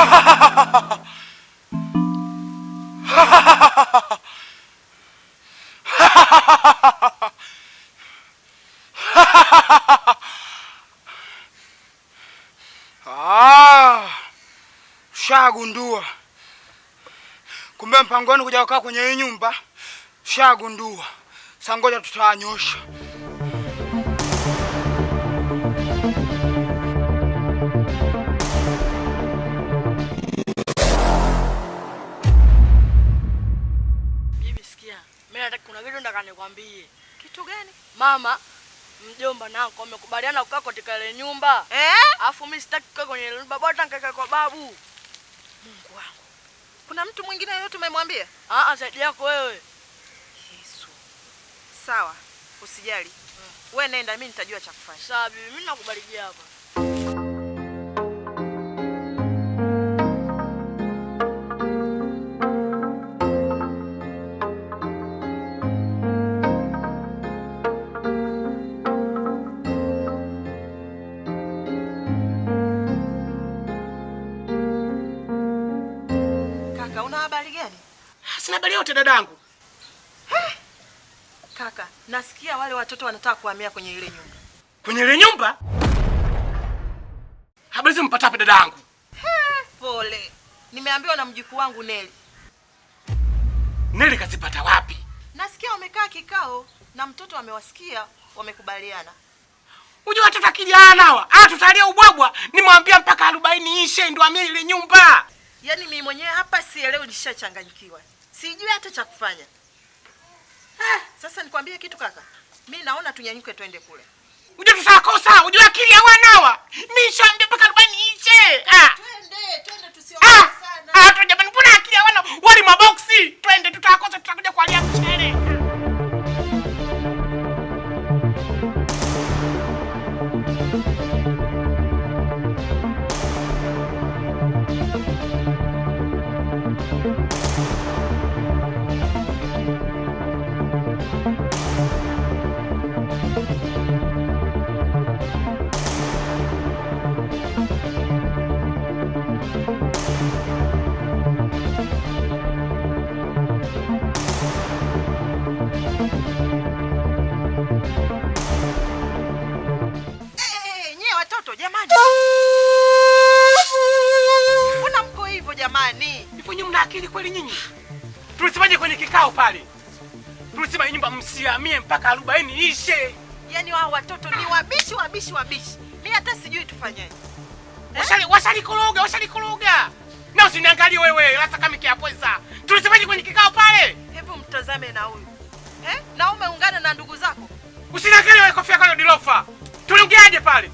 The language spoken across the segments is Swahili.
Shagundua kumbe mpango wenu kuja kukaa kwenye hii nyumba, shagundua. Sangoja tutawanyosha. kuna kitu nataka nikwambie. Kitu gani? Mama mjomba nako amekubaliana kukaa katika ile nyumba eh? Alafu mimi sitaki kukaa kwenye nyumba, bora nikakaa kwa babu. Mungu wangu, kuna mtu mwingine yote umemwambia? Ah, zaidi yako wewe. Yesu, sawa, usijali hmm. Wewe nenda, mimi nitajua cha kufanya. Sawa bibi, mimi nakubariki hapa. habari yote dadangu. Kaka, nasikia wale watoto wanataka kuhamia kwenye ile nyumba. Kwenye ile nyumba? Habari zimpata wapi dadangu. Pole. Nimeambiwa na mjukuu wangu Neli. Neli kazipata wapi? Nasikia wamekaa kikao na mtoto amewasikia, wamekubaliana. Unajua watoto kijana hawa, ah, tutalia ubwabwa, nimwambia mpaka 40 ishe ndio amie ile nyumba. Yaani mimi mwenyewe hapa sielewi, nishachanganyikiwa sijui hata cha kufanya. Eh, sasa nikwambie kitu kaka, mi naona tunyanyuke twende kule. Ujue tutakosa, ujue akili ya wanawa. Mi mpaka arobaini ishe. Ah. Twende. mtoto jamani? Mbona mko hivyo jamani? Hivyo nyinyi mna akili kweli nyinyi? Tulisemaje kwenye kikao pale? Tulisema nyumba msiamie mpaka arobaini ishe. Yaani wao watoto ni wabishi wabishi wabishi. Mimi hata sijui tufanyaje. Eh? Washali Washali washali washalikoroga. Na usiniangalie wewe, hata kama kiapoza. Tulisemaje kwenye kikao pale? Hebu mtazame na huyu. Eh? Na umeungana na ndugu zako. Usiniangalie wewe, kofia kwa ndio dilofa. Tuliongeaje pale?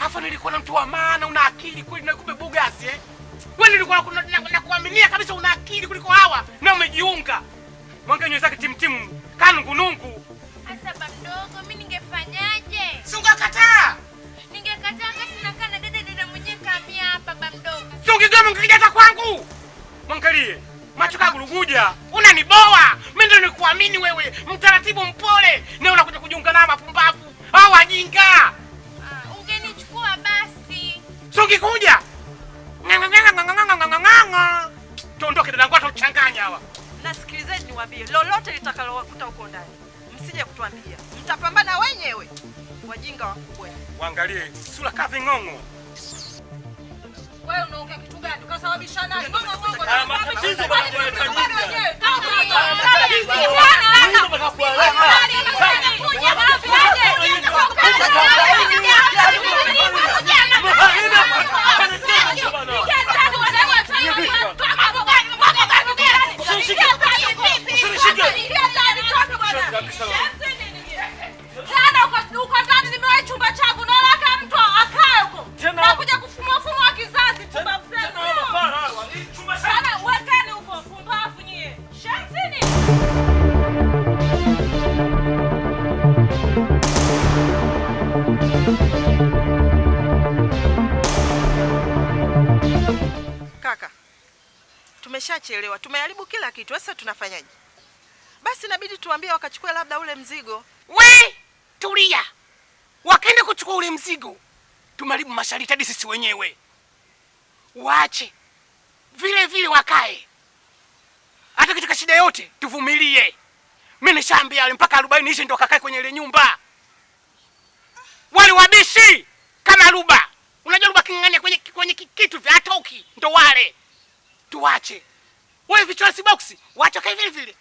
Afa nilikuwa na mtu wa maana, una akili kweli na kumbe bugasi eh? Wewe nilikuwa nakuaminia kabisa una akili kuliko hawa na umejiunga. Mwanga zake timtimu. kanu ukikuja tuondoke, dadangu, atauchanganya hawa. Nasikilizeni niwaambie lolote litakalowakuta huko ndani, msije kutuambia, mtapambana wenyewe. Wajinga wakubwa, waangalie sura ka ng'ongo Wewe unaongea kitu gani? Ukasababisha nani? tumeshachelewa, tumeharibu kila kitu. Sasa tunafanyaje? Basi inabidi tuambie wakachukue labda ule mzigo. We tulia, wakaenda kuchukua ule mzigo, tumeharibu masharti hadi sisi wenyewe. Waache vile vile, wakae hata katika shida yote, tuvumilie. Mimi nishaambia wale mpaka arobaini ishi ndo kakae kwenye ile nyumba. Wale wabishi kama Ruba, unajua Ruba king'ang'ania kwenye, kwenye kitu vya atoki, ndo wale tuwache. Wewe vichosi box, wacho kai vile vile.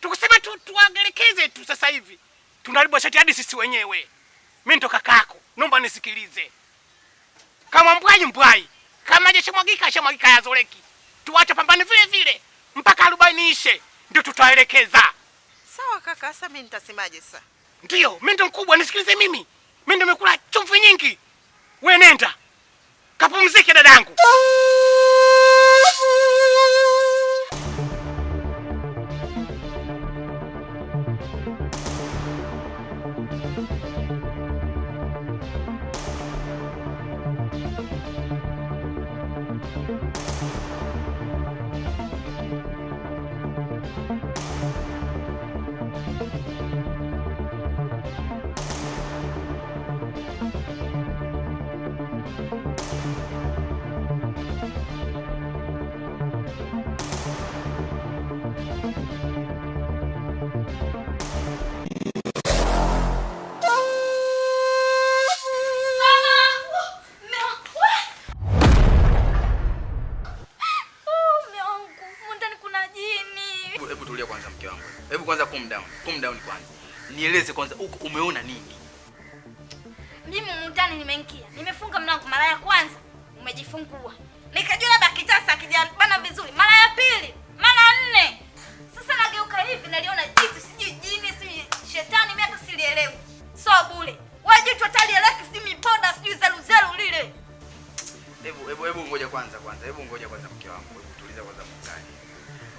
Tukusema tu tuangelekeze tu sasa hivi. Tunalibwa shati hadi sisi wenyewe. Mimi ndo kakako. Naomba nisikilize. Kama mbwai mbwai, kama jeshi mwagika shamwagika ya zoreki. Tuwache pambane vile vile mpaka arobaini ishe ndio tutaelekeza. Sawa kaka, sasa mimi nitasemaje sasa? Ndio, mimi ndo mkubwa, nisikilize mimi. Mimi ndo nimekula chumvi nyingi. Wewe nenda. Kapumzike dadangu. calm down, calm down kwanza. Nieleze kwanza huko umeona nini? Mimi mtani nimeingia. Nimefunga mlango mara ya kwanza, umejifungua. Nikajua labda kitasa kijabana vizuri. Mara ya pili, mara nne. Sasa nageuka hivi naliona jitu sijui jini, sijui shetani mimi hata sielewi. So bure. Wewe jitu hatalieleki si mipoda sijui zelu zelu lile. Hebu hebu hebu ngoja kwanza kwanza. Hebu ngoja kwanza mke wangu. tuliza kwanza mkani.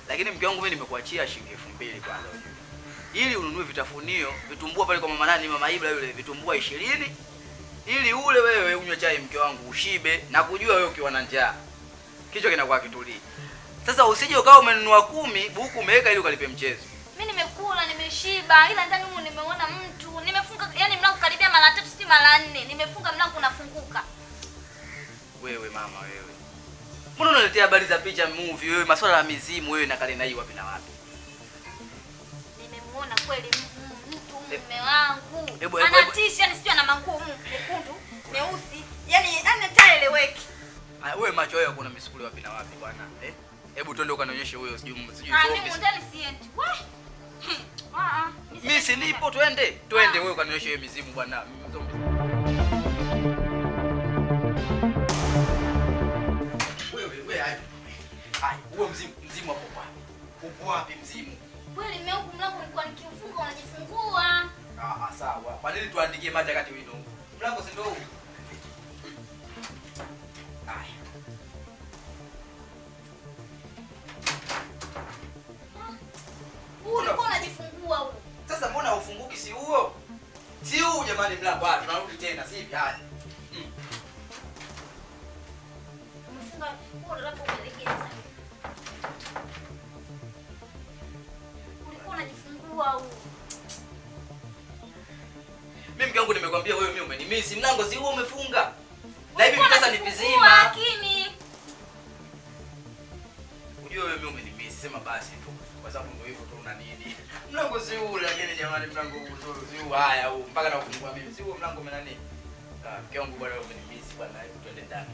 Lakini mke wangu mimi nimekuachia shilingi ili ununue vitafunio vitumbua pale kwa mama nani, mama Ibra yule, vitumbua ishirini ili ule wewe unywe chai, mke wangu, ushibe na kujua wewe ukiwa na njaa kichwa kinakuwa kitulii. Sasa usije ukawa umenunua kumi buku umeweka ili ukalipe mchezo. Mimi nimekula nimeshiba, ila ndani huko nimeona mtu nimefunga, yani mlango karibia mara tatu si mara nne, nimefunga mlango unafunguka. Wewe mama wewe, mbona unaletea habari za picha movie wewe, masuala ya mizimu wewe, na kalenda hii wapi na wapi? kuona kweli mtu eh. mume wangu ana tisha sijui na manguo mekundu meusi, yani anataeleweki. Yaani ah, wewe macho yako kuna misukuli wapi na wapi bwana eh? Hebu twende ukanionyeshe huyo, sijui sijui. Ah, mimi ndani si nipo, twende twende, ah. wewe ukanionyeshe hiyo mizimu bwana. Wewe wewe, hai. Hai, huo mzimu mzimu hapo bwana. Upo wapi mzimu? Kweli mimi huko mlango nilikuwa nikiufunga unajifungua. Ah, sawa. Kwa nini tuandikie maji kati wino? Mlango si ndio huu? jamani mlango. tunarudi tena si hivi. Haya. Hmm. Umefunga huu ndio umekuwa huu. Mimi mke wangu nimekwambia wewe, mimi umenimisi, mlango si huo umefunga, na hivi vitasa ni vizima. Lakini unajua wewe, mimi umenimisi, sema basi tu, kwa sababu ndio hivyo tu. Una nini? Mlango si huu. Lakini jamani, mlango huu si huu. Haya, huu mpaka na kufungua mimi, si huo mlango mna nini? Ah, mke wangu bwana, umenimisi bwana, hebu twende ndani.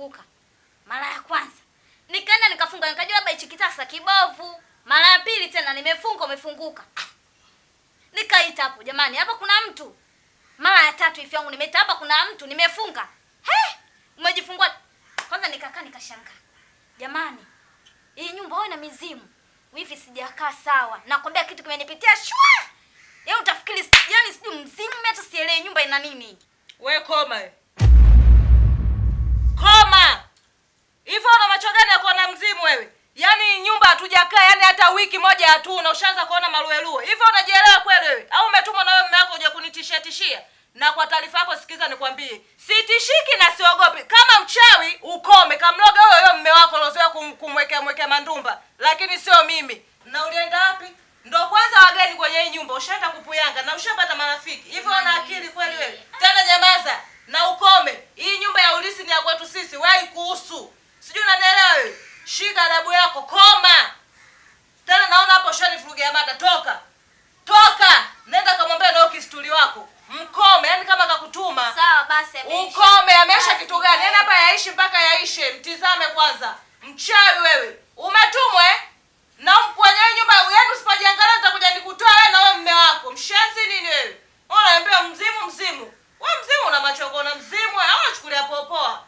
nimeanguka mara ya kwanza, nikaenda nikafunga, nikajua labda hichi kitasa kibovu. Mara ya pili tena nimefunga, umefunguka. Nikaita hapo, jamani, hapa kuna mtu. Mara ya tatu hivi yangu nimeita, hapa kuna mtu, nimefunga. He, umejifungua kwanza. Nikakaa nikashangaa, jamani, hii nyumba wewe na mizimu hivi, sijakaa sawa. Nakwambia kitu kimenipitia shwa, yaani utafikiri, yaani sijui mzimu, hata sielewi nyumba ina nini. Wewe koma wewe koma. Hivyo una macho gani ya na mzimu wewe? Yaani nyumba hatujakaa, yaani hata wiki moja hatu na ushaanza kuona maruelue. Hivyo unajielewa kweli wewe? Au umetumwa na wewe mume wako uja kunitishia tishia? Na kwa taarifa yako sikiza nikwambie. Sitishiki na siogopi. Kama mchawi ukome, kamloga huyo huyo mume wako lozoea kumwekea mwekea mandumba, lakini sio mimi. Na ulienda wapi? ndo kwanza wageni kwenye hii nyumba, ushaenda kupuyanga na ushapata marafiki. Hivyo una akili kweli wewe? Tena nyamaza na ukome. Hii nyumba ya urithi ni ya kwetu sisi, wewe kuhusu. Sijui unanielewa wewe? Shika adabu yako, koma. Tena naona hapo shani furuge ya mata, toka. Toka. Nenda kamwambia na kistuli wako. Mkome, yani kama kakutuma. Sawa basi ameisha. Ukome ameisha kitu gani? Nenda yaani hapa yaishi mpaka yaishe. Mtizame kwanza. Mchawi wewe. Umetumwa eh? Na mkwenye nyumba yenu yaani usipojiangalia nitakuja nikutoa wewe na wewe mume wako. Mshenzi nini wewe? Unaambia mzimu mzimu. Wewe mzimu una machokona mzimu, hawachukulia popoa.